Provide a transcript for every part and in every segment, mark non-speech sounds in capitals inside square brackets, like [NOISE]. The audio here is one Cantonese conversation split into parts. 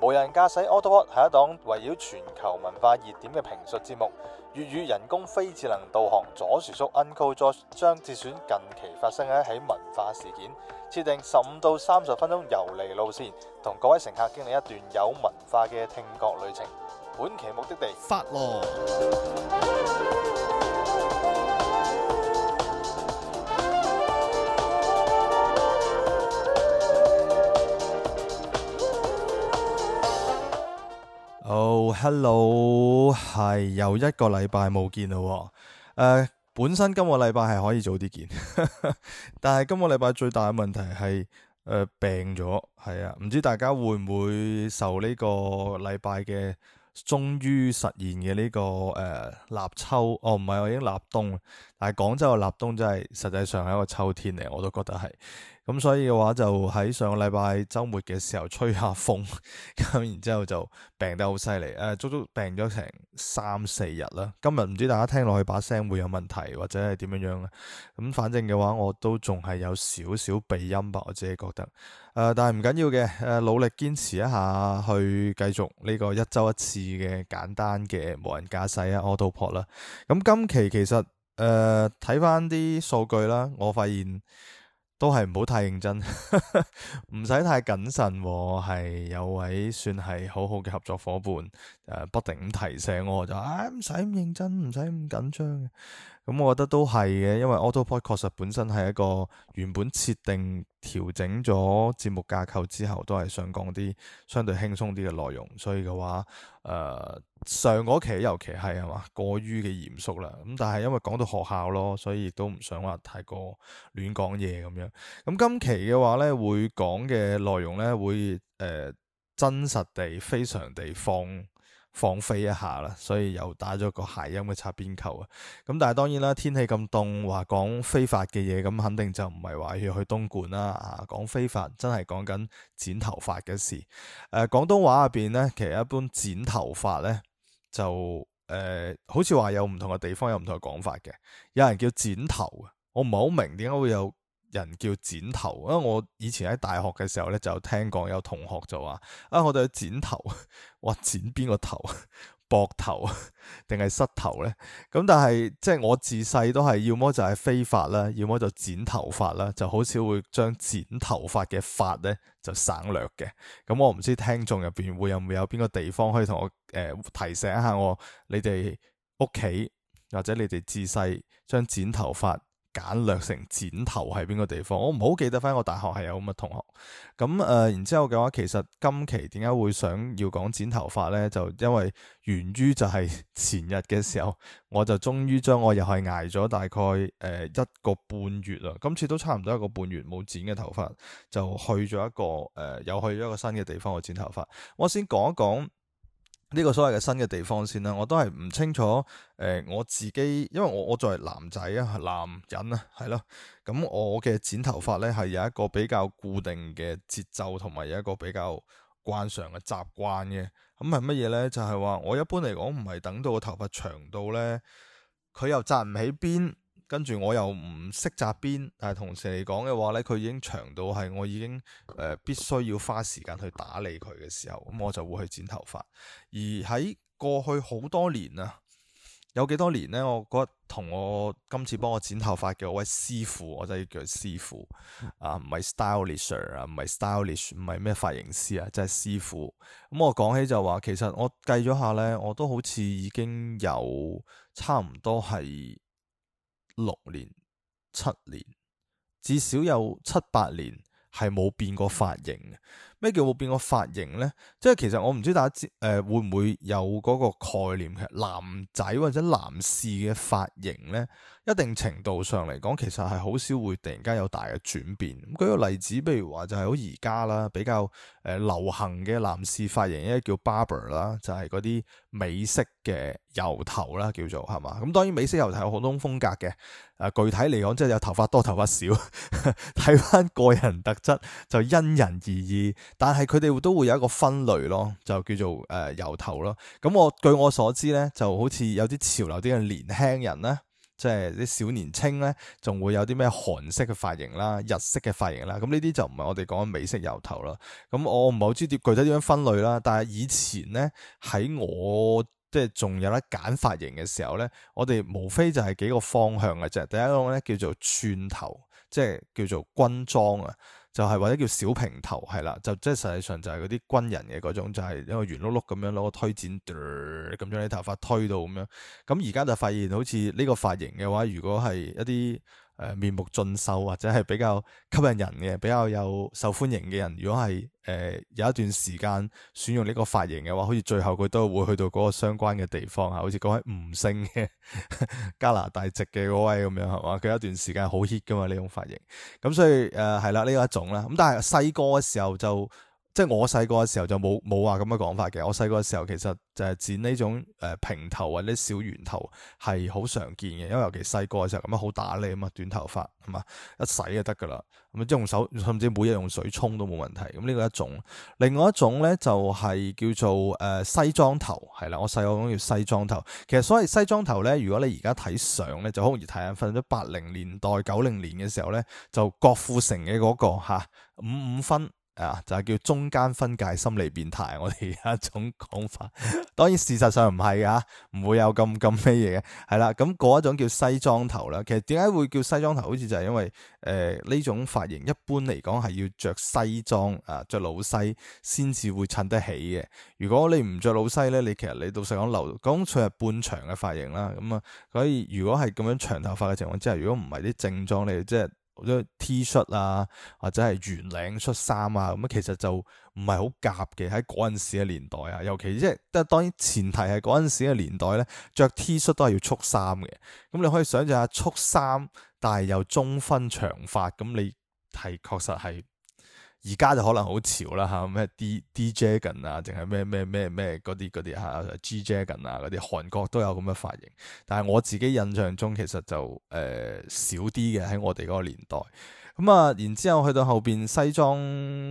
無人駕駛 AutoPod 係一檔圍繞全球文化熱點嘅評述節目。粵語人工非智能導航左薯叔 Uncle Josh 將節選近期發生嘅一起文化事件。設定十五到三十分鐘遊離路線，同各位乘客經歷一段有文化嘅聽覺旅程。本期目的地發廊。哦，Hello，係有一個禮拜冇見啦喎，誒。本身今個禮拜係可以早啲見， [LAUGHS] 但係今個禮拜最大嘅問題係誒、呃、病咗，係啊，唔知大家會唔會受呢個禮拜嘅終於實現嘅呢、這個誒立、呃、秋哦，唔係，我已經立冬。但係廣州嘅立冬真係實際上係一個秋天嚟，我都覺得係。咁所以嘅話就喺上個禮拜周末嘅時候吹下風，咁 [LAUGHS] 然之後就病得好犀利，誒足足病咗成三四日啦。今日唔知大家聽落去把聲會有問題或者係點樣樣咧？咁反正嘅話我都仲係有少少鼻音吧。我自己覺得。誒、呃，但係唔緊要嘅，誒、呃、努力堅持一下去繼續呢個一周一次嘅簡單嘅無人駕駛啊，AutoPod 啦。咁今期其實～誒，睇翻啲數據啦，我發現都係唔好太認真，唔 [LAUGHS] 使太謹慎，係有位算係好好嘅合作伙伴，誒、呃，不停咁提醒我，我就，唉、哎，唔使咁認真，唔使咁緊張嘅，咁我覺得都係嘅，因為 AutoPod 確實本身係一個原本設定。調整咗節目架構之後，都係想講啲相對輕鬆啲嘅內容，所以嘅話，誒、呃、上個期尤其係係嘛過於嘅嚴肅啦。咁但係因為講到學校咯，所以亦都唔想話太過亂講嘢咁樣。咁今期嘅話咧，會講嘅內容咧，會誒、呃、真實地、非常地放。放飛一下啦，所以又打咗個諧音嘅擦邊球啊！咁但係當然啦，天氣咁凍，話講非法嘅嘢，咁肯定就唔係話要去東莞啦嚇。講、啊、非法真係講緊剪頭髮嘅事。誒、呃，廣東話入邊咧，其實一般剪頭髮咧就誒、呃，好似話有唔同嘅地方有唔同嘅講法嘅。有人叫剪頭啊，我唔係好明點解會有人叫剪頭，因為我以前喺大學嘅時候咧，就聽講有同學就話：啊，我哋要剪頭，哇，剪邊個頭、膊頭定係膝頭咧？咁但係即係我自細都係，要麼就係飛髮啦，要麼就剪頭髮啦，就好少會將剪頭髮嘅髮咧就省略嘅。咁、嗯、我唔知聽眾入邊會有唔會有邊個地方可以同我誒、呃、提醒一下我，你哋屋企或者你哋自細將剪頭髮簡略成剪頭喺邊個地方？我唔好記得翻，我大學係有咁嘅同學。咁誒、呃，然之後嘅話，其實今期點解會想要講剪頭髮咧？就因為源於就係前日嘅時候，我就終於將我又係捱咗大概誒、呃、一個半月啦。今次都差唔多一個半月冇剪嘅頭髮，就去咗一個誒、呃，又去咗一個新嘅地方去剪頭髮。我先講一講呢個所謂嘅新嘅地方先啦，我都係唔清楚。誒、呃，我自己因為我我作為男仔啊，男人啊，係咯，咁我嘅剪頭髮呢，係有一個比較固定嘅節奏，同埋有一個比較慣常嘅習慣嘅。咁係乜嘢呢？就係、是、話我一般嚟講唔係等到個頭髮長到呢，佢又紮唔起邊。跟住我又唔識紮辮，但係同時嚟講嘅話呢，佢已經長到係我已經誒必須要花時間去打理佢嘅時候，咁我就會去剪頭髮。而喺過去好多年啊，有幾多年呢，我覺得同我今次幫我剪頭髮嘅位師傅，我真係叫佢師傅、嗯、啊，唔係 stylish 啊，唔係 stylish，唔係咩髮型師啊，就係、是、師傅。咁、嗯、我講起就話，其實我計咗下呢，我都好似已經有差唔多係。六年、七年，至少有七八年係冇變過髮型。咩叫會變個髮型咧？即係其實我唔知大家誒、呃、會唔會有嗰個概念嘅男仔或者男士嘅髮型咧，一定程度上嚟講，其實係好少會突然間有大嘅轉變。咁舉個例子，譬如話就係好而家啦，比較誒、呃、流行嘅男士髮型一叫 Barber 啦，就係嗰啲美式嘅油頭啦，叫做係嘛？咁當然美式油頭有好多風格嘅，誒、啊、具體嚟講即係有頭髮多頭髮少，睇 [LAUGHS] 翻個人特質就因人而異。但係佢哋都會有一個分類咯，就叫做誒、呃、油頭咯。咁我據我所知咧，就好似有啲潮流啲嘅年輕人咧，即係啲小年青咧，仲會有啲咩韓式嘅髮型啦、日式嘅髮型啦。咁呢啲就唔係我哋講美式油頭啦。咁我唔係好知啲具體點樣分類啦。但係以前咧，喺我即係仲有得揀髮型嘅時候咧，我哋無非就係幾個方向嘅啫。第一種咧叫做寸頭，即係叫做軍裝啊。就係或者叫小平頭，係啦，就即、是、係實際上就係嗰啲軍人嘅嗰種，就係、是、一個圓碌碌咁樣攞個推剪，咁將啲頭髮推到咁樣。咁而家就發現好似呢個髮型嘅話，如果係一啲。誒，面目俊秀或者係比較吸引人嘅，比較有受歡迎嘅人，如果係誒、呃、有一段時間選用呢個髮型嘅話，好似最後佢都會去到嗰個相關嘅地方吓，好似嗰位吳姓嘅加拿大籍嘅嗰位咁樣係嘛，佢有一段時間好 hit 噶嘛，呢種髮型，咁所以誒係啦，呢個一種啦，咁但係細個嘅時候就。即係我細個嘅時候就冇冇話咁嘅講法嘅。我細個嘅時候其實就係剪呢種誒平頭或者小圓頭係好常見嘅，因為尤其細個嘅時候咁樣好打理啊嘛，短頭髮係嘛，一洗就得噶啦。咁即用手甚至每日用水沖都冇問題。咁呢個一種。另外一種咧就係、是、叫做誒、呃、西裝頭，係啦，我細個講叫西裝頭。其實所謂西裝頭咧，如果你而家睇相咧，就好容易睇眼瞓咗八零年代九零年嘅時候咧，就郭富城嘅嗰、那個、啊、五五分。啊，就係叫中間分界心理變態，我哋有一種講法， [LAUGHS] 當然事實上唔係啊，唔會有咁咁咩嘢嘅，係啦，咁嗰一種叫西裝頭啦，其實點解會叫西裝頭，好似就係因為誒呢、呃、種髮型一般嚟講係要着西裝啊，着老西先至會襯得起嘅，如果你唔着老西咧，你其實你到時講留乾脆係半長嘅髮型啦，咁啊，所以如果係咁樣長頭髮嘅情況之下，如果唔係啲正裝，你即係。或者 T 恤啊，或者係圓領恤衫啊，咁啊其實就唔係好夾嘅，喺嗰陣時嘅年代啊，尤其即係即係，當然前提係嗰陣時嘅年代咧，着 T 恤都係要束衫嘅，咁你可以想象下束衫，但係又中分長髮，咁你係確實係。而家就可能好潮啦吓，咩 D D Jagen 啊，定係咩咩咩咩嗰啲嗰啲嚇，G Jagen 啊嗰啲，韓國都有咁嘅髮型，但係我自己印象中其實就誒少啲嘅喺我哋嗰個年代。咁、嗯、啊，然之後去到後邊西裝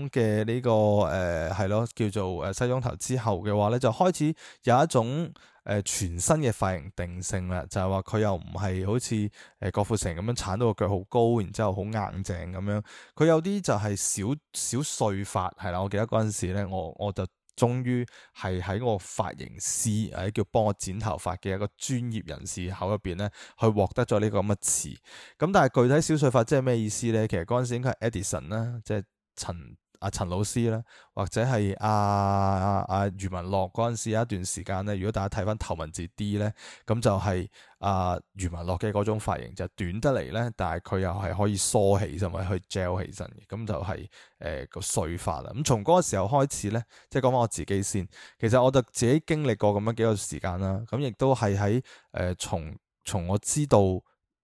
嘅呢個誒係、呃、咯，叫做誒西裝頭之後嘅話咧，就開始有一種。誒、呃，全新嘅髮型定性啦，就係話佢又唔係好似誒、呃、郭富城咁樣鏟到個腳好高，然之後好硬淨咁樣，佢有啲就係小小碎髮係啦。我記得嗰陣時咧，我我就終於係喺個髮型師，係叫幫我剪頭髮嘅一個專業人士口入邊咧，去獲得咗呢個咁嘅詞。咁但係具體小碎髮即係咩意思咧？其實嗰陣時應該係 Edison 啦，即係陳。阿陳老師咧，或者係阿阿余文樂嗰陣時有一段時間咧，如果大家睇翻頭文字 D 咧、就係，咁就係阿余文樂嘅嗰種髮型就係、短得嚟咧，但係佢又係可以梳起身，身或係去 gel 起身嘅，咁就係誒個碎髮啦。咁、呃嗯、從嗰個時候開始咧，即係講翻我自己先，其實我就自己經歷過咁樣幾個時間啦，咁亦都係喺誒從從我知道。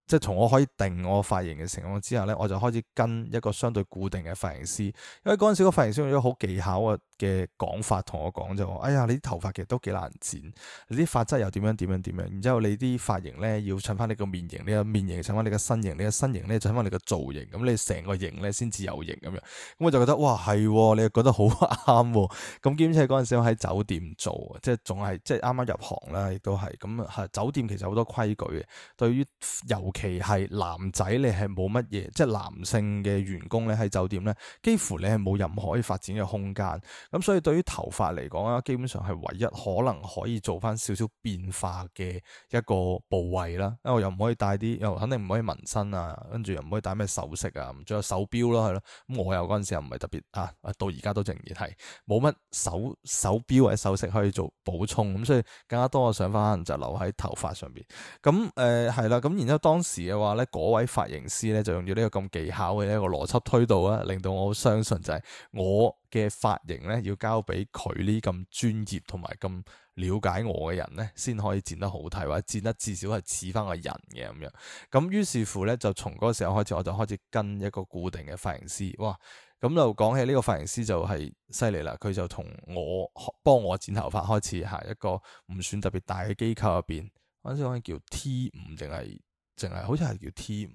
即係從我可以定我髮型嘅情況之下咧，我就開始跟一個相對固定嘅髮型師，因為嗰陣時個髮型師用咗好技巧啊。嘅講法同我講就話，哎呀，你啲頭髮其實都幾難剪，你啲髮質又點樣點樣點樣，然之後你啲髮型咧要襯翻你個面型，你個面型襯翻你個身形。你個身型咧襯翻你個造型，咁你成個型咧先至有型咁樣。咁我就覺得哇，係喎，你又覺得好啱喎。咁兼且嗰陣時我喺酒店做，即係仲係即係啱啱入行啦，亦都係咁啊。酒店其實好多規矩嘅，對於尤其係男仔你，你係冇乜嘢，即係男性嘅員工咧喺酒店咧，幾乎你係冇任何可以發展嘅空間。咁、嗯、所以對於頭髮嚟講啦，基本上係唯一可能可以做翻少少變化嘅一個部位啦。因為又唔可以戴啲，又肯定唔可以紋身啊，跟住又唔可以戴咩首飾啊，仲有手錶咯、啊，係咯。咁我有又嗰陣時又唔係特別啊，到而家都仍然係冇乜手手錶或者首飾可以做補充，咁、嗯、所以更加多嘅想法可能就留喺頭髮上邊。咁誒係啦，咁、呃、然之後當時嘅話咧，嗰位髮型師咧就用咗呢個咁技巧嘅一個邏輯推導啊，令到我相信就係我嘅髮型咧，要交俾佢呢咁專業同埋咁了解我嘅人咧，先可以剪得好睇，或者剪得至少係似翻個人嘅咁樣。咁於是乎咧，就從嗰個時候開始，我就開始跟一個固定嘅髮型師。哇！咁就講起呢個髮型師就係犀利啦，佢就同我幫我剪頭髮開始，喺一個唔算特別大嘅機構入邊，啱先講嘅叫 T 五，淨係淨係好似係叫 T 五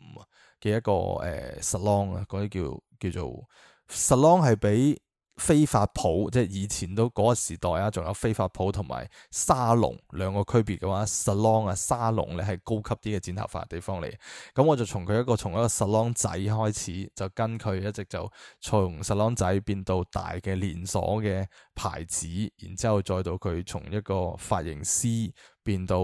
嘅一個誒 salon 啊，嗰、呃、啲叫叫做 salon 係俾。飛髮鋪即係以前都嗰個時代啊，仲有飛髮鋪同埋沙龍兩個區別嘅話，salon 啊沙龍咧係高級啲嘅剪頭髮嘅地方嚟。咁我就從佢一個從一個 salon 仔開始，就跟佢一直就從 salon 仔變到大嘅連鎖嘅牌子，然之後再到佢從一個髮型師變到。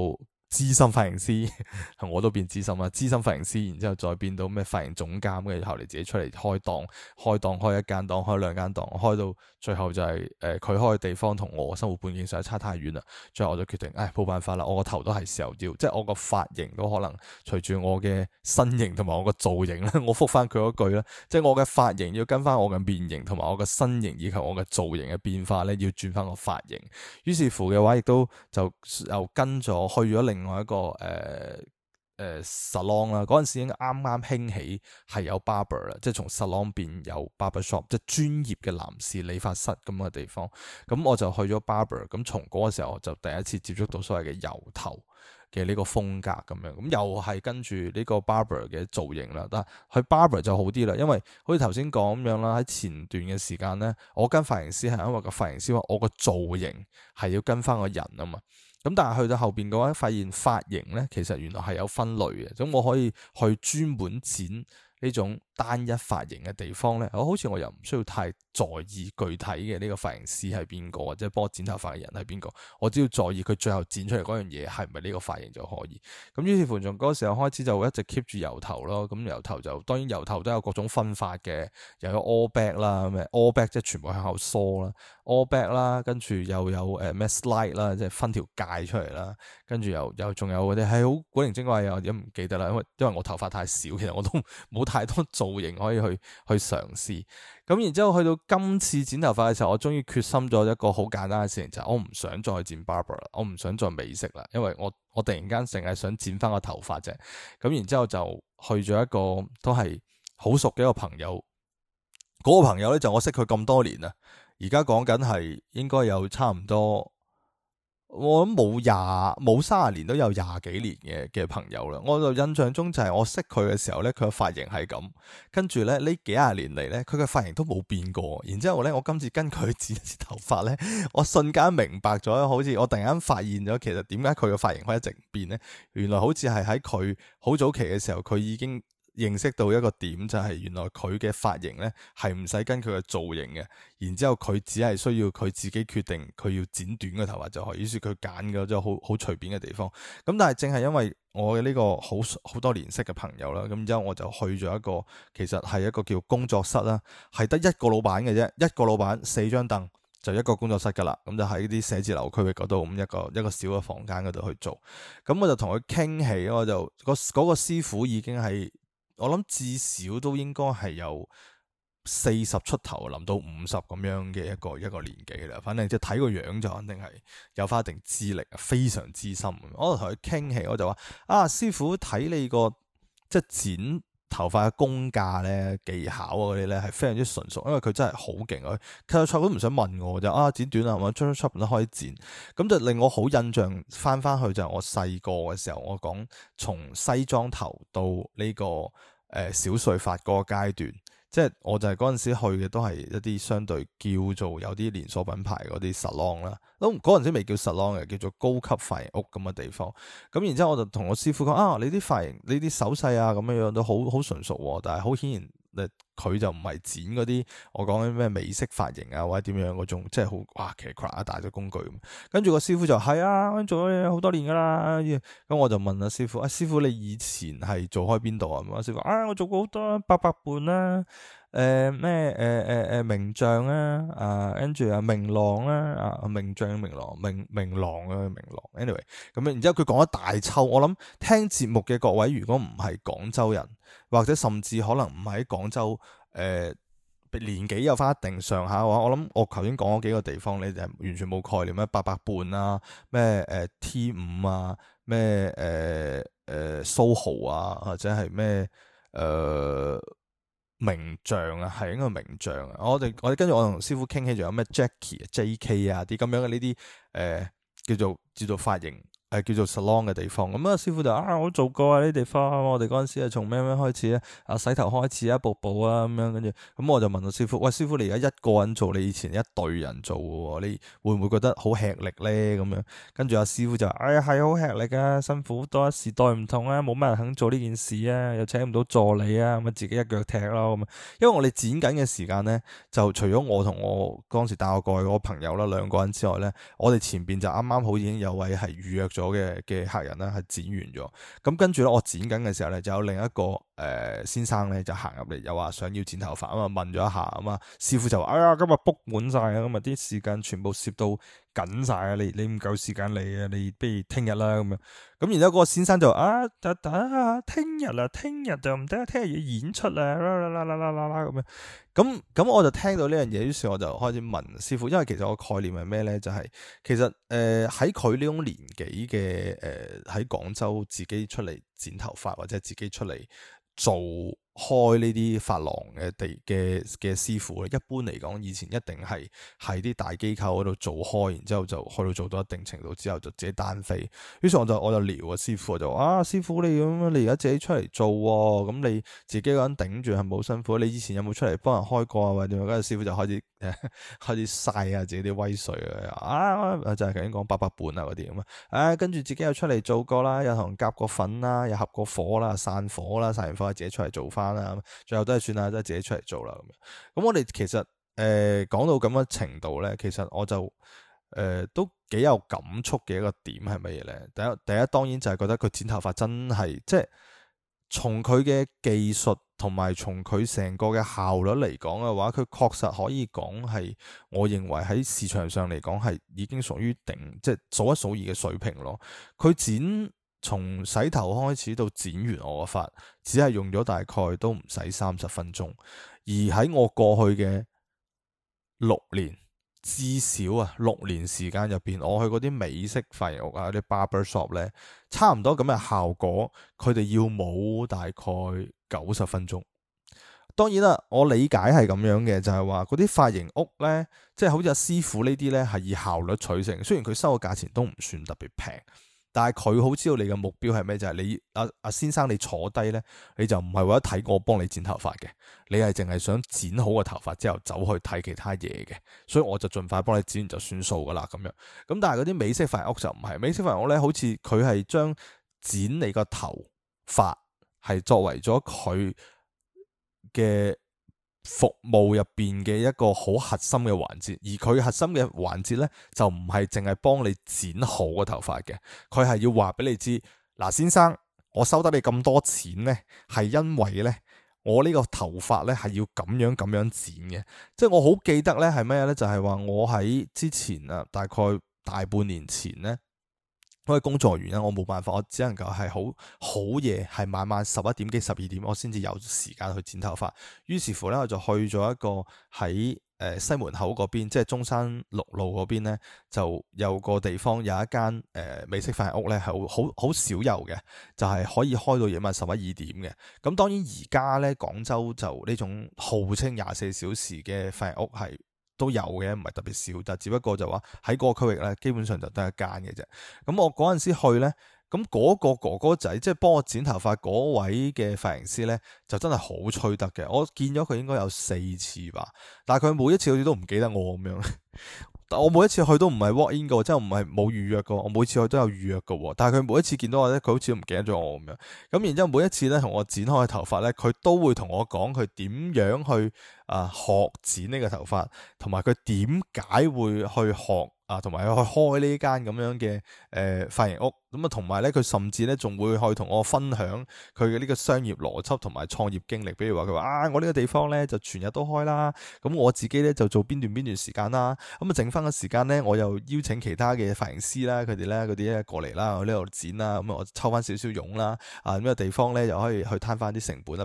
資深髮型師， [LAUGHS] 我都變資深啦。資深髮型師，然之後再變到咩髮型總監嘅，後嚟自己出嚟開檔，開檔開一間檔，開兩間檔，開到最後就係、是、誒，佢、呃、開嘅地方同我生活半徑實在差太遠啦。最後我就決定，唉、哎，冇辦法啦，我個頭都係時候要。即係我個髮型都可能隨住我嘅身形同埋我個造型咧， [LAUGHS] 我複翻佢嗰句啦，即係我嘅髮型要跟翻我嘅面型同埋我嘅身形以及我嘅造型嘅變化咧，要轉翻個髮型。於是乎嘅話，亦都就又跟咗去咗另另外一個誒誒 salon 啦，嗰、呃、陣、呃、時已經啱啱興起，係有 barber 啦，即係從 salon 邊有 barber shop，即係專業嘅男士理髮室咁嘅地方。咁我就去咗 barber，咁從嗰個時候我就第一次接觸到所謂嘅油頭嘅呢個風格咁樣。咁又係跟住呢個 barber 嘅造型啦，但係去 barber 就好啲啦，因為好似頭先講咁樣啦，喺前段嘅時間咧，我跟髮型師係因為個髮型師話我個造型係要跟翻個人啊嘛。咁但係去到後邊嘅話，發現髮型呢，其實原來係有分類嘅。咁我可以去專門剪呢種單一髮型嘅地方咧，我好似我又唔需要太在意具體嘅呢個髮型師係邊個，或者幫我剪頭髮嘅人係邊個，我只要在意佢最後剪出嚟嗰樣嘢係唔係呢個髮型就可以。咁於是乎從嗰時候開始就一直 keep 住油頭咯。咁油頭就當然油頭都有各種分法嘅，又有，有 all back 啦，咁咩 all back 即係全部向後梳啦，all back 啦，跟住又有誒 mass light 啦，即係分條界出嚟啦，跟住又又仲有嗰啲係好古靈精怪又而家唔記得啦，因為因為我頭髮太少，其實我都冇 [LAUGHS] 太多做。造型可以去去嘗試，咁然之後去到今次剪頭髮嘅時候，我終於決心咗一個好簡單嘅事情，就係、是、我唔想再剪 Barber 啦，我唔想再美式啦，因為我我突然間淨係想剪翻個頭髮啫，咁然之後就去咗一個都係好熟嘅一個朋友，嗰、那個朋友咧就我識佢咁多年啦，而家講緊係應該有差唔多。我諗冇廿冇三十年都有廿幾年嘅嘅朋友啦，我就印象中就係我識佢嘅時候咧，佢嘅髮型係咁，跟住咧呢幾十年嚟咧，佢嘅髮型都冇變過。然之後咧，我今次跟佢剪一次頭髮咧，我瞬間明白咗，好似我突然間發現咗，其實點解佢嘅髮型可以一直唔變咧？原來好似係喺佢好早期嘅時候，佢已經。認識到一個點就係、係、原來佢嘅髮型咧係唔使跟佢嘅造型嘅，然之後佢只係需要佢自己決定佢要剪短個頭髮就可以，於是佢揀咗就好好隨便嘅地方。咁但係正係因為我嘅呢個好好多年識嘅朋友啦，咁然之後我就去咗一個其實係一個叫工作室啦，係得一個老闆嘅啫，一個老闆四張凳就一個工作室噶啦，咁就喺啲寫字樓區域嗰度，咁一個一個小嘅房間嗰度去做。咁我就同佢傾起，我就嗰嗰、嗰個師傅已經係。我諗至少都應該係有四十出頭，諗到五十咁樣嘅一個一個年紀啦。反正就睇個樣就肯定係有翻一定資歷，非常之深。我同佢傾起，我就話：啊，師傅睇你個即係剪頭髮嘅工架咧，技巧啊嗰啲咧，係非常之純熟，因為佢真係好勁佢。其實菜總唔想問我就啊，剪短啊，我出出出門都開剪，咁就令我好印象。翻翻去就係我細個嘅時候，我講從西裝頭到呢、這個誒、呃、小碎髮個階段。即係我就係嗰陣時去嘅都係一啲相對叫做有啲連鎖品牌嗰啲沙龍啦，咁嗰陣時未叫沙龍嘅，叫做高級髮型屋咁嘅地方。咁然之後我就同我師傅講啊，你啲髮型，你啲手勢啊，咁樣樣都好好純熟啊，但係好顯然。佢就唔係剪嗰啲，我講啲咩美式髮型啊，或者點樣嗰種，即係好哇，其實擴大咗工具。跟住個師傅就係啊，做咗好多年噶啦。咁、yeah、我就問阿師傅，阿、啊、師傅你以前係做開邊度啊？咁阿師傅啊，我做過好多八百,百伴啦、啊。誒咩誒誒誒名將啦啊，跟住啊明朗啦啊名將明朗明明朗啊明朗，anyway 咁樣，way, 然之後佢講咗大抽，我諗聽節目嘅各位如果唔係廣州人，或者甚至可能唔係喺廣州誒、呃、年紀有翻一定上下嘅話，我諗我頭先講嗰幾個地方，你哋完全冇概念啊，八百半啊，咩誒、呃、T 五啊，咩誒誒 SOHO 啊，或者係咩誒。呃名將啊，係應該係名將啊！我哋我哋跟住我同師傅傾起，仲有咩 Jacky、JK 啊啲咁樣嘅呢啲，誒、呃、叫做叫做髮型。誒，叫做 salon 嘅地方咁啊、嗯，師傅就啊，我做過啊呢地方，我哋嗰陣時係從咩咩開始咧？啊，洗頭開始啊，步步啊咁樣，跟住咁我就問個師傅，喂，師傅你而家一個人做，你以前一隊人做嘅，你會唔會覺得好吃力咧？咁樣，跟住阿師傅就話，哎呀，係好吃力啊，辛苦多，時代唔同啊，冇乜人肯做呢件事啊，又請唔到助理啊，咁啊自己一腳踢咯咁啊，因為我哋剪緊嘅時間咧，就除咗我同我嗰陣時帶我過去嗰個朋友啦，兩個人之外咧，我哋前邊就啱啱好已經有位係預約。咗嘅嘅客人啦，係剪完咗，咁、嗯、跟住咧，我剪緊嘅時候咧，就有另一個。誒、呃、先生咧就行入嚟，又話想要剪頭髮啊嘛，問咗一下啊嘛、嗯，師傅就話：哎呀，今日 book 滿晒啊，咁啊啲時間全部攝到緊晒啊，你你唔夠時間嚟啊，你不如聽日啦咁樣。咁、嗯、然之後嗰個先生就啊，等等啊，聽日啊，聽日就唔得，聽日、啊、要演出啊，啦啦啦啦啦啦咁樣。咁、嗯、咁、嗯嗯、我就聽到呢樣嘢，於是我就開始問師傅，因為其實我個概念係咩咧？就係、是、其實誒喺佢呢種年紀嘅誒喺廣州自己出嚟。剪頭髮或者自己出嚟做。開呢啲髮廊嘅地嘅嘅師傅咧，一般嚟講，以前一定係喺啲大機構嗰度做開，然之後就開到做到一定程度之後就自己單飛。於是我就我就撩啊，師傅我就啊，師傅你咁，你而家自己出嚟做喎。哦，咁你自己個人頂住係冇辛苦。你以前有冇出嚟幫人開過啊？咁啊，師傅就開始誒， [LAUGHS] 開始晒下、啊、自己啲威水啊，啊就係頭先講八八本啊啲咁啊，誒跟住自己又出嚟做過啦，又同人夾過份啦，又合過夥啦，散夥啦，散完夥，散夥，散夥自己出嚟做翻。最後都係算啦，都係自己出嚟做啦咁樣。咁我哋其實誒、呃、講到咁嘅程度咧，其實我就誒、呃、都幾有感觸嘅一個點係乜嘢咧？第一第一當然就係覺得佢剪頭髮真係即係從佢嘅技術同埋從佢成個嘅效率嚟講嘅話，佢確實可以講係，我認為喺市場上嚟講係已經屬於頂即係數一數二嘅水平咯。佢剪。從洗頭開始到剪完我嘅髮，只係用咗大概都唔使三十分鐘。而喺我過去嘅六年，至少啊六年時間入邊，我去嗰啲美式髮型屋啊、啲 barber shop 咧，差唔多咁嘅效果，佢哋要冇大概九十分鐘。當然啦，我理解係咁樣嘅，就係話嗰啲髮型屋咧，即係好似阿師傅呢啲咧，係以效率取勝。雖然佢收嘅價錢都唔算特別平。但係佢好知道你嘅目標係咩，就係、是、你阿阿、啊、先生你坐低咧，你就唔係為咗睇我幫你剪頭髮嘅，你係淨係想剪好個頭髮之後走去睇其他嘢嘅，所以我就盡快幫你剪完就算數噶啦咁樣。咁但係嗰啲美式髮屋就唔係，美式髮屋咧，好似佢係將剪你個頭髮係作為咗佢嘅。服務入邊嘅一個好核心嘅環節，而佢核心嘅環節咧，就唔係淨係幫你剪好個頭髮嘅，佢係要話俾你知，嗱，先生，我收得你咁多錢咧，係因為咧，我呢個頭髮咧係要咁樣咁樣剪嘅，即係我好記得咧係咩咧，就係話我喺之前啊，大概大半年前咧。因為工作原因，我冇辦法，我只能夠係好好夜係晚晚十一點幾十二點，我先至有時間去剪頭髮。於是乎咧，我就去咗一個喺誒、呃、西門口嗰邊，即係中山六路嗰邊咧，就有個地方有一間誒、呃、美式髮屋咧，係好好好少有嘅，就係、是、可以開到夜晚十一二點嘅。咁當然而家咧，廣州就呢種號稱廿四小時嘅髮屋係。都有嘅，唔係特別少，但只不過就話喺嗰個區域呢，基本上就得一間嘅啫。咁我嗰陣時去呢，咁嗰個哥哥仔，即係幫我剪頭髮嗰位嘅髮型師呢，就真係好吹得嘅。我見咗佢應該有四次吧，但係佢每一次好似都唔記得我咁樣。 [LAUGHS] 但我每一次去都唔係 walk in 嘅喎，即係唔係冇預約嘅喎。我每次去都有預約嘅喎。但係佢每一次見到我咧，佢好似唔記得咗我咁樣。咁然之後每一次咧同我剪開嘅頭髮咧，佢都會同我講佢點樣去啊學剪呢個頭髮，同埋佢點解會去學啊，同埋去開呢間咁樣嘅誒、呃、髮型屋。咁啊，同埋咧，佢甚至咧，仲會去同我分享佢嘅呢個商業邏輯同埋創業經歷。比如話，佢話啊，我呢個地方咧就全日都開啦。咁我自己咧就做邊段邊段時間啦。咁啊，剩翻嘅時間咧，我又邀請其他嘅髮型師啦，佢哋咧嗰啲咧過嚟啦，我呢度剪啦。咁啊，我抽翻少少傭啦。啊，咁個地方咧又可以去攤翻啲成本啦。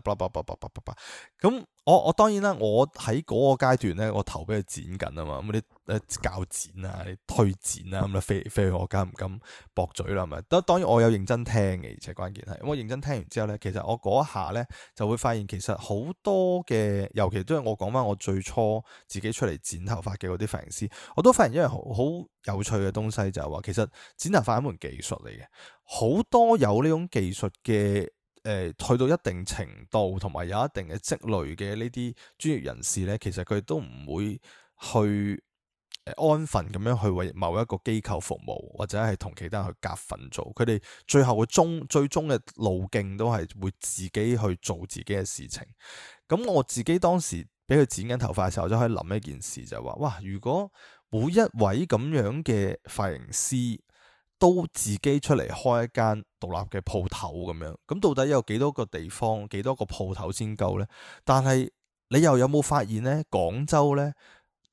咁我我當然啦，我喺嗰個階段咧，我頭俾佢剪緊啊嘛。咁啲誒鉸剪啊，你推剪啊，咁啊飛嚟飛去，我梗唔敢駁嘴啦？得當然我有認真聽嘅，而且關鍵係，我認真聽完之後咧，其實我嗰一下咧就會發現，其實好多嘅，尤其都係我講翻我最初自己出嚟剪頭髮嘅嗰啲髮型師，我都發現一樣好好有趣嘅東西，就係、是、話其實剪頭髮係一門技術嚟嘅，好多有呢種技術嘅誒、呃，去到一定程度同埋有一定嘅積累嘅呢啲專業人士咧，其實佢都唔會去安分咁樣去為某一個機構服務，或者係同其他人去夾份做，佢哋最後嘅終最終嘅路徑都係會自己去做自己嘅事情。咁我自己當時俾佢剪緊頭髮嘅時候，就可以諗一件事，就係話：，哇，如果每一位咁樣嘅髮型師都自己出嚟開一間獨立嘅鋪頭咁樣，咁到底有幾多個地方、幾多個鋪頭先夠呢？但係你又有冇發現呢？廣州呢？」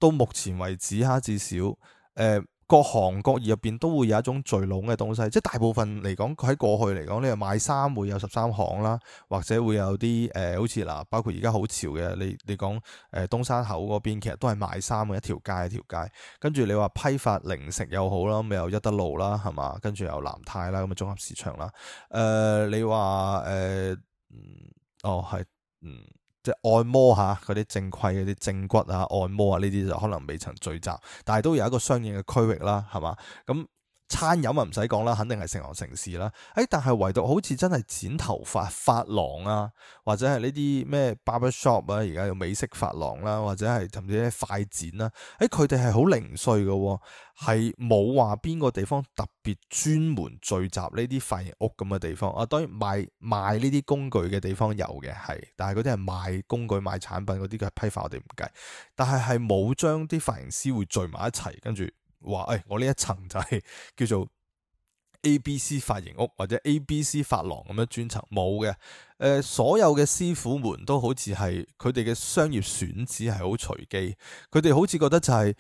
到目前為止哈，至少誒、呃、各行各業入邊都會有一種聚攏嘅東西，即係大部分嚟講，喺過去嚟講，你話賣衫會有十三行啦，或者會有啲誒、呃，好似嗱，包括而家好潮嘅，你你講誒、呃、東山口嗰邊其實都係賣衫嘅一條街一條街，跟住你話批發零食又好啦，咪有一德路啦，係嘛，跟住有南泰啦，咁嘅綜合市場啦，誒、呃、你話誒，哦、呃、係，嗯。哦即係按摩下嗰啲正規、嗰啲正骨啊、按摩啊，呢啲就可能未曾聚集，但係都有一個相應嘅區域啦，係嘛？咁。餐飲啊，唔使講啦，肯定係成行成市啦。誒、哎，但係唯獨好似真係剪頭髮髮廊啊，或者係呢啲咩 barber shop 啊，而家有美式髮廊啦、啊，或者係甚至係快剪啦、啊。誒、哎，佢哋係好零碎嘅、啊，係冇話邊個地方特別專門聚集呢啲髮型屋咁嘅地方。啊，當然賣賣呢啲工具嘅地方有嘅，係，但係嗰啲係賣工具賣產品嗰啲嘅批發，我哋唔計。但係係冇將啲髮型師會聚埋一齊，跟住。話誒、哎，我呢一層就係叫做 A、B、C 髮型屋或者 A、B、C 髮廊咁樣，專層冇嘅。誒，所有嘅師傅們都好似係佢哋嘅商業選址係好隨機，佢哋好似覺得就係、是，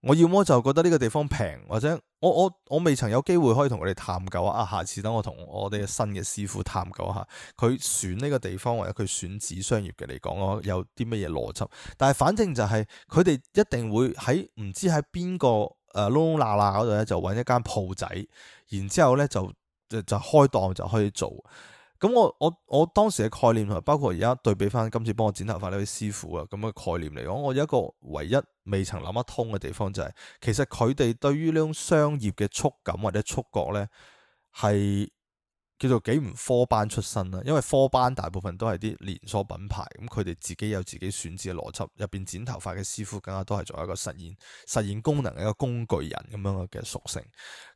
我要麼就覺得呢個地方平，或者我我我未曾有機會可以同佢哋探究啊。啊，下次等我同我哋嘅新嘅師傅探究一下，佢選呢個地方或者佢選址商業嘅嚟講，我有啲乜嘢邏輯？但係反正就係佢哋一定會喺唔知喺邊個。誒窿窿罅罅嗰度咧，就揾一間鋪仔，然之後咧就就就開檔就可以做。咁我我我當時嘅概念同埋，包括而家對比翻今次幫我剪頭髮呢位師傅啊，咁嘅概念嚟講，我有一個唯一未曾諗得通嘅地方就係、是，其實佢哋對於呢種商業嘅觸感或者觸覺咧係。叫做幾唔科班出身啦，因為科班大部分都係啲連鎖品牌，咁佢哋自己有自己選址嘅邏輯，入邊剪頭髮嘅師傅更加都係做一個實現實現功能嘅一個工具人咁樣嘅屬性，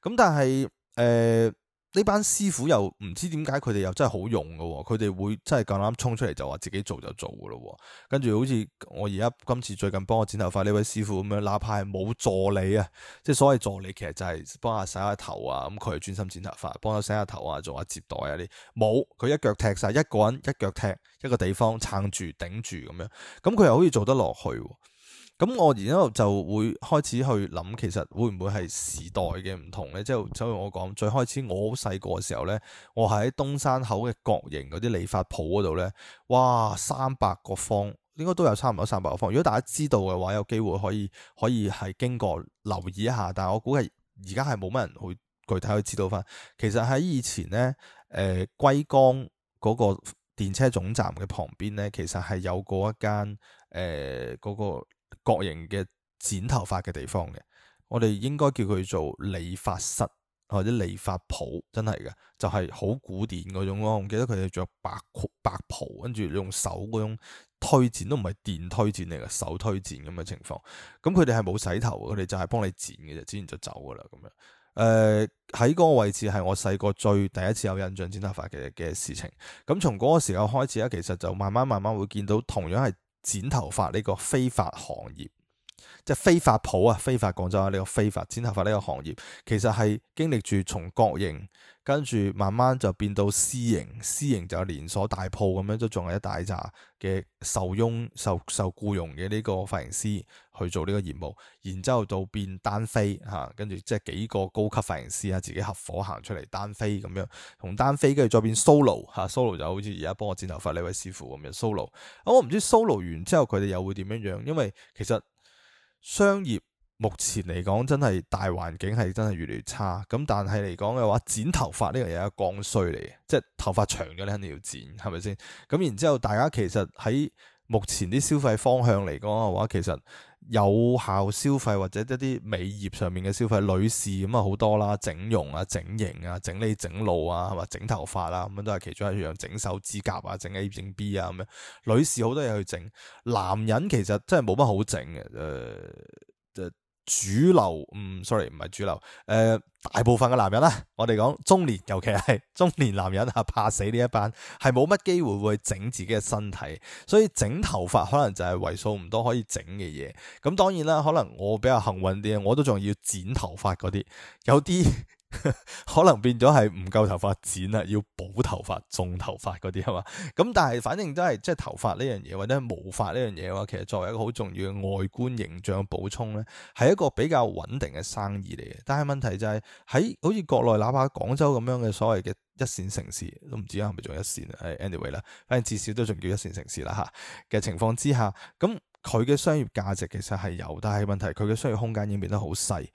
咁但係誒。呃呢班師傅又唔知點解佢哋又真係好用嘅喎，佢哋會真係咁啱衝出嚟就話自己做就做嘅咯，跟住好似我而家今次最近幫我剪頭髮呢位師傅咁樣，哪怕係冇助理啊，即係所謂助理其實就係幫下洗下頭啊，咁佢專心剪頭髮，幫我洗下頭啊，做下接待啊啲，冇佢一腳踢晒，一個人一腳踢一個地方撐住頂住咁樣，咁、嗯、佢又好似做得落去。咁我然之後就會開始去諗，其實會唔會係時代嘅唔同咧？即係正如我講，最開始我好細個嘅時候咧，我喺東山口嘅國營嗰啲理髮鋪嗰度咧，哇三百個方，應該都有差唔多三百個方。如果大家知道嘅話，有機會可以可以係經過留意一下。但係我估計而家係冇乜人會具體去知道翻。其實喺以前咧，誒龜崗嗰個電車總站嘅旁邊咧，其實係有過一間誒嗰、呃那個。各型嘅剪頭髮嘅地方嘅，我哋應該叫佢做理髮室或者理髮鋪，真係嘅，就係、是、好古典嗰種咯。我記得佢哋着白白袍，跟住用手嗰種推剪，都唔係電推剪嚟嘅，手推剪咁嘅情況。咁佢哋係冇洗頭，佢哋就係幫你剪嘅啫，剪完就走噶啦咁樣。誒、呃，喺嗰個位置係我細個最第一次有印象剪頭髮嘅嘅事情。咁從嗰個時候開始咧，其實就慢慢慢慢會見到同樣係。剪頭髮呢個非法行業。即係非法鋪啊，非法廣州啊，呢、這個非法剪頭髮呢個行業，其實係經歷住從國營，跟住慢慢就變到私營，私營就有連鎖大鋪咁樣，都仲係一大扎嘅受傭、受受僱傭嘅呢個髮型師去做呢個業務，然之後到變單飛吓、啊，跟住即係幾個高級髮型師啊，自己合伙行出嚟單飛咁樣，同單飛跟住再變 solo 吓、啊，solo 就好似而家幫我剪頭髮呢位師傅咁樣 solo，啊，我唔知 solo 完之後佢哋又會點樣樣，因為其實。商業目前嚟講真係大環境係真係越嚟越差，咁但係嚟講嘅話，剪頭髮呢樣嘢係一個剛需嚟嘅，即係頭髮長咗你肯定要剪，係咪先？咁然之後大家其實喺目前啲消費方向嚟講嘅話，其實。有效消費或者一啲美業上面嘅消費，女士咁啊好多啦，整容啊、整形啊、整理整路啊，係嘛整頭髮啊，咁樣都係其中一樣。整手指甲啊、整 A 整 B 啊咁樣，女士好多嘢去整。男人其實真係冇乜好整嘅，誒、呃，就、呃。主流，唔、嗯、sorry 唔係主流，誒、呃，大部分嘅男人啦，我哋講中年，尤其係中年男人啊，怕死呢一班，係冇乜機會會整自己嘅身體，所以整頭髮可能就係為數唔多可以整嘅嘢，咁當然啦，可能我比較幸運啲，我都仲要剪頭髮嗰啲，有啲。 [LAUGHS] [LAUGHS] 可能變咗係唔夠頭髮剪啦，要補頭髮、種頭髮嗰啲係嘛？咁 [LAUGHS] 但係反正都係即係頭髮呢樣嘢或者毛發呢樣嘢嘅話，其實作為一個好重要嘅外觀形象補充咧，係一個比較穩定嘅生意嚟嘅。但係問題就係、是、喺好似國內哪怕廣州咁樣嘅所謂嘅一線城市，都唔知係咪仲一線啦。Anyway 啦，反正至少都仲叫一線城市啦吓嘅情況之下，咁佢嘅商業價值其實係有，但係問題佢嘅商業空間已經變得好細。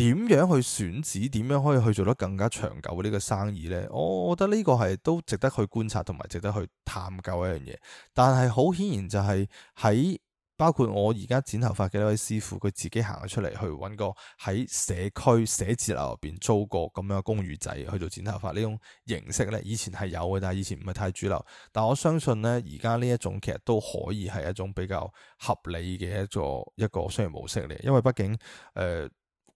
點樣去選址？點樣可以去做得更加長久嘅呢個生意呢？我覺得呢個係都值得去觀察同埋值得去探究一樣嘢。但係好顯然就係喺包括我而家剪頭髮嘅呢位師傅，佢自己行咗出嚟去揾個喺社區寫字樓入邊租個咁樣公寓仔去做剪頭髮呢種形式，呢以前係有嘅，但係以前唔係太主流。但我相信呢，而家呢一種其實都可以係一種比較合理嘅一個一個商業模式嚟，因為畢竟誒，呃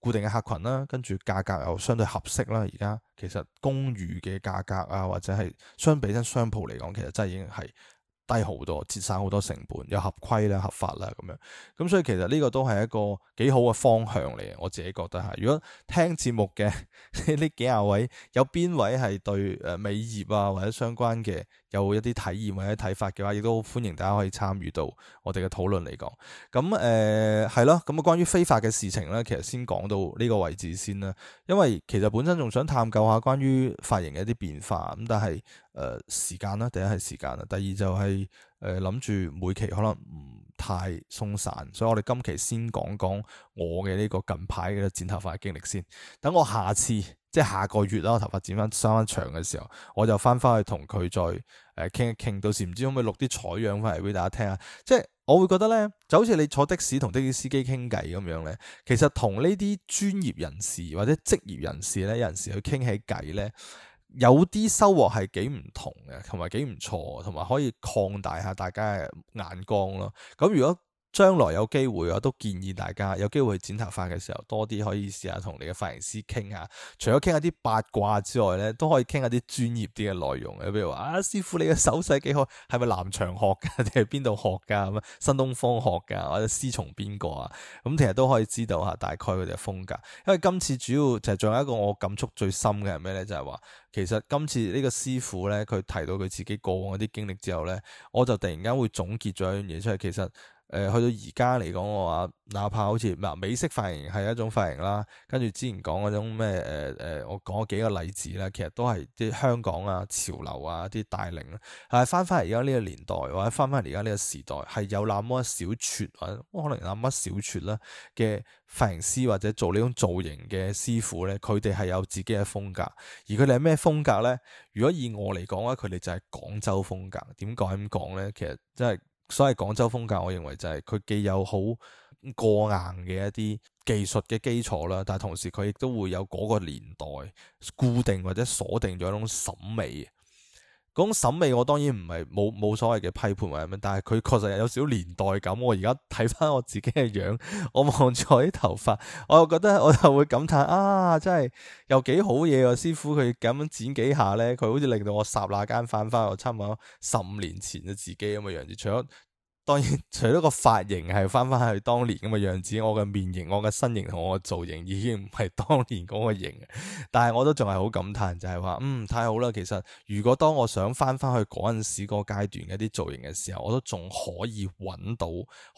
固定嘅客群啦，跟住價格又相對合適啦。而家其實公寓嘅價格啊，或者係相比真商鋪嚟講，其實真係已經係低好多，節省好多成本，又合規啦，合法啦咁樣。咁所以其實呢個都係一個幾好嘅方向嚟嘅，我自己覺得吓，如果聽節目嘅呢 [LAUGHS] 幾廿位，有邊位係對誒美業啊或者相關嘅？有一啲體驗或者睇法嘅話，亦都歡迎大家可以參與到我哋嘅討論嚟講。咁誒係咯，咁、呃、啊關於飛髮嘅事情咧，其實先講到呢個位置先啦。因為其實本身仲想探究下關於髮型嘅一啲變化，咁但係誒、呃、時間啦，第一係時間啦，第二就係誒諗住每期可能唔太鬆散，所以我哋今期先講講我嘅呢個近排嘅剪頭髮嘅經歷先。等我下次即係下個月啦，我頭髮剪翻生翻長嘅時候，我就翻翻去同佢再誒傾、呃、一傾。到時唔知可唔可以錄啲採樣翻嚟俾大家聽啊！即係我會覺得咧，就好似你坐的士同的士司機傾偈咁樣咧，其實同呢啲專業人士或者職業人士咧，有時去傾起偈咧。有啲收穫係幾唔同嘅，同埋幾唔錯，同埋可以擴大下大家嘅眼光咯。咁如果，將來有機會我都建議大家有機會去剪頭髮嘅時候，多啲可以試下同你嘅髮型師傾下。除咗傾下啲八卦之外咧，都可以傾下啲專業啲嘅內容嘅。譬如話啊，師傅你嘅手勢幾好，係咪南翔學㗎，定係邊度學㗎？咁啊，新東方學㗎，或者師從邊個啊？咁其實都可以知道下大概佢哋嘅風格。因為今次主要就係仲有一個我感觸最深嘅係咩咧？就係話其實今次呢個師傅咧，佢提到佢自己過往嗰啲經歷之後咧，我就突然間會總結咗一樣嘢出嚟，其實。誒、呃，去到而家嚟講嘅話，哪怕好似嗱美式髮型係一種髮型啦，跟住之前講嗰種咩誒誒，我講咗幾個例子啦，其實都係啲香港啊潮流啊啲帶領。但係翻翻嚟而家呢個年代或者翻翻嚟而家呢個時代，係有那麼一小撮或者可能那麼少撮啦嘅髮型師或者做呢種造型嘅師傅咧，佢哋係有自己嘅風格。而佢哋係咩風格咧？如果以我嚟講咧，佢哋就係廣州風格。點解咁講咧？其實真係。所以廣州風格，我認為就係佢既有好過硬嘅一啲技術嘅基礎啦，但係同時佢亦都會有嗰個年代固定或者鎖定咗一種審美。嗰種審美我當然唔係冇冇所謂嘅批判或者咩，但係佢確實有少少年代感。我而家睇翻我自己嘅樣，我望住我啲頭髮，我又覺得我就會感嘆啊！真係又幾好嘢喎，師傅佢咁樣剪幾下咧，佢好似令到我霎那間返翻我差唔多十五年前嘅自己咁嘅樣子，除咗～當然，除咗個髮型係翻翻去當年咁嘅樣子，我嘅面型、我嘅身形同我嘅造型已經唔係當年嗰個型。但係我都仲係好感嘆，就係話，嗯，太好啦！其實如果當我想翻翻去嗰陣時嗰個階段嘅一啲造型嘅時候，我都仲可以揾到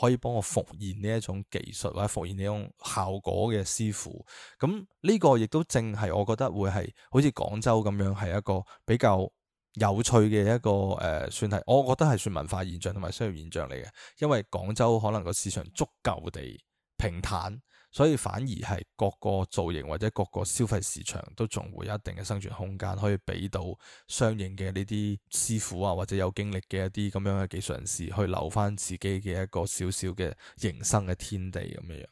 可以幫我復現呢一種技術或者復現呢種效果嘅師傅。咁呢個亦都正係我覺得會係好似廣州咁樣，係一個比較。有趣嘅一個誒、呃、算係，我覺得係算文化現象同埋商業現象嚟嘅，因為廣州可能個市場足夠地平坦，所以反而係各個造型或者各個消費市場都仲會有一定嘅生存空間，可以俾到相應嘅呢啲師傅啊，或者有經歷嘅一啲咁樣嘅技術人士去留返自己嘅一個少少嘅營生嘅天地咁樣樣。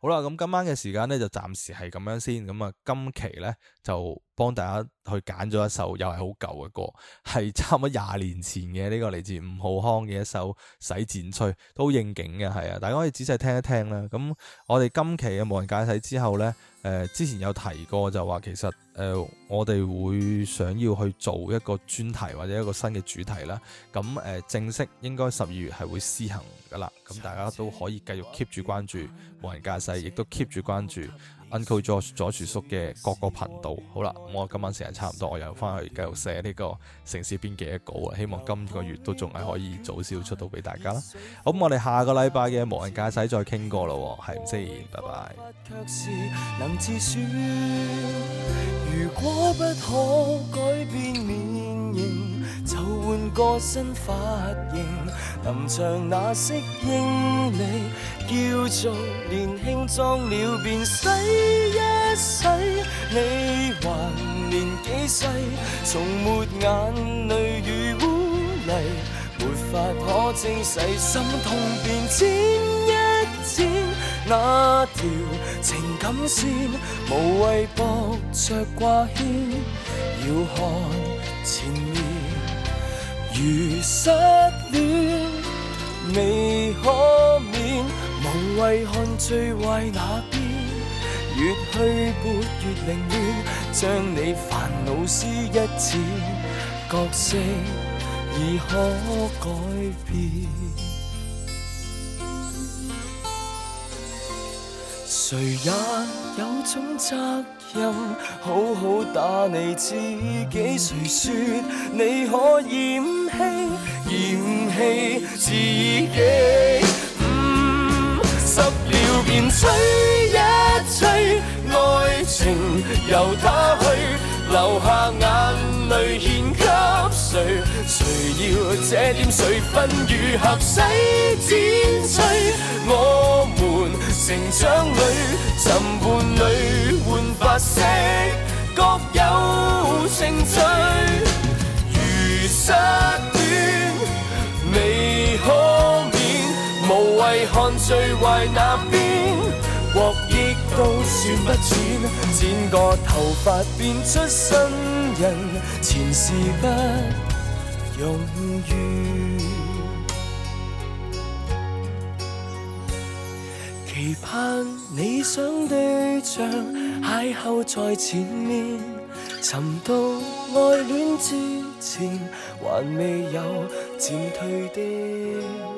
好啦，咁今晚嘅時間呢，就暫時係咁樣先，咁啊今期呢，就幫大家。去揀咗一首又係好舊嘅歌，係差唔多廿年前嘅呢、這個嚟自吳浩康嘅一首《洗剪吹》，都應景嘅係啊！大家可以仔細聽一聽啦。咁我哋今期嘅無人駕駛之後呢，誒、呃、之前有提過就話其實誒、呃、我哋會想要去做一個專題或者一個新嘅主題啦。咁誒、呃、正式應該十二月係會施行噶啦。咁大家都可以繼續 keep 住關注無人駕駛，亦都 keep 住關注。Uncle Josh 左薯叔嘅各個頻道，好啦，我今晚時間差唔多，我又翻去繼續寫呢個城市邊記一稿啦，希望今個月都仲係可以早少少出到俾大家啦。咁我哋下個禮拜嘅無人駕駛再傾過啦，係唔先，拜拜。如果不可改變面形換個新髮型，臨場那適應力叫做年輕裝了便洗一洗。你還年紀細？從沒眼淚如污泥，沒法可清洗心痛便剪一剪，那條情感線，無謂駁着掛牽，要看前。如失戀，未可免。無謂看最壞那邊，越去撥越凌亂。將你煩惱撕一剪，角色已可改變。誰也有種責任，好好打你自己。誰説你可以嫌棄嫌棄自己？嗯，濕了便吹一吹，愛情由它去，留下眼淚獻給誰？誰要這點水分如何洗剪吹？我們。最壞那邊，獲益都算不淺。剪個頭髮變出新人，前世不容怨。 [NOISE] 期盼理想對象邂逅在前面，尋到愛戀之前，還未有漸退的。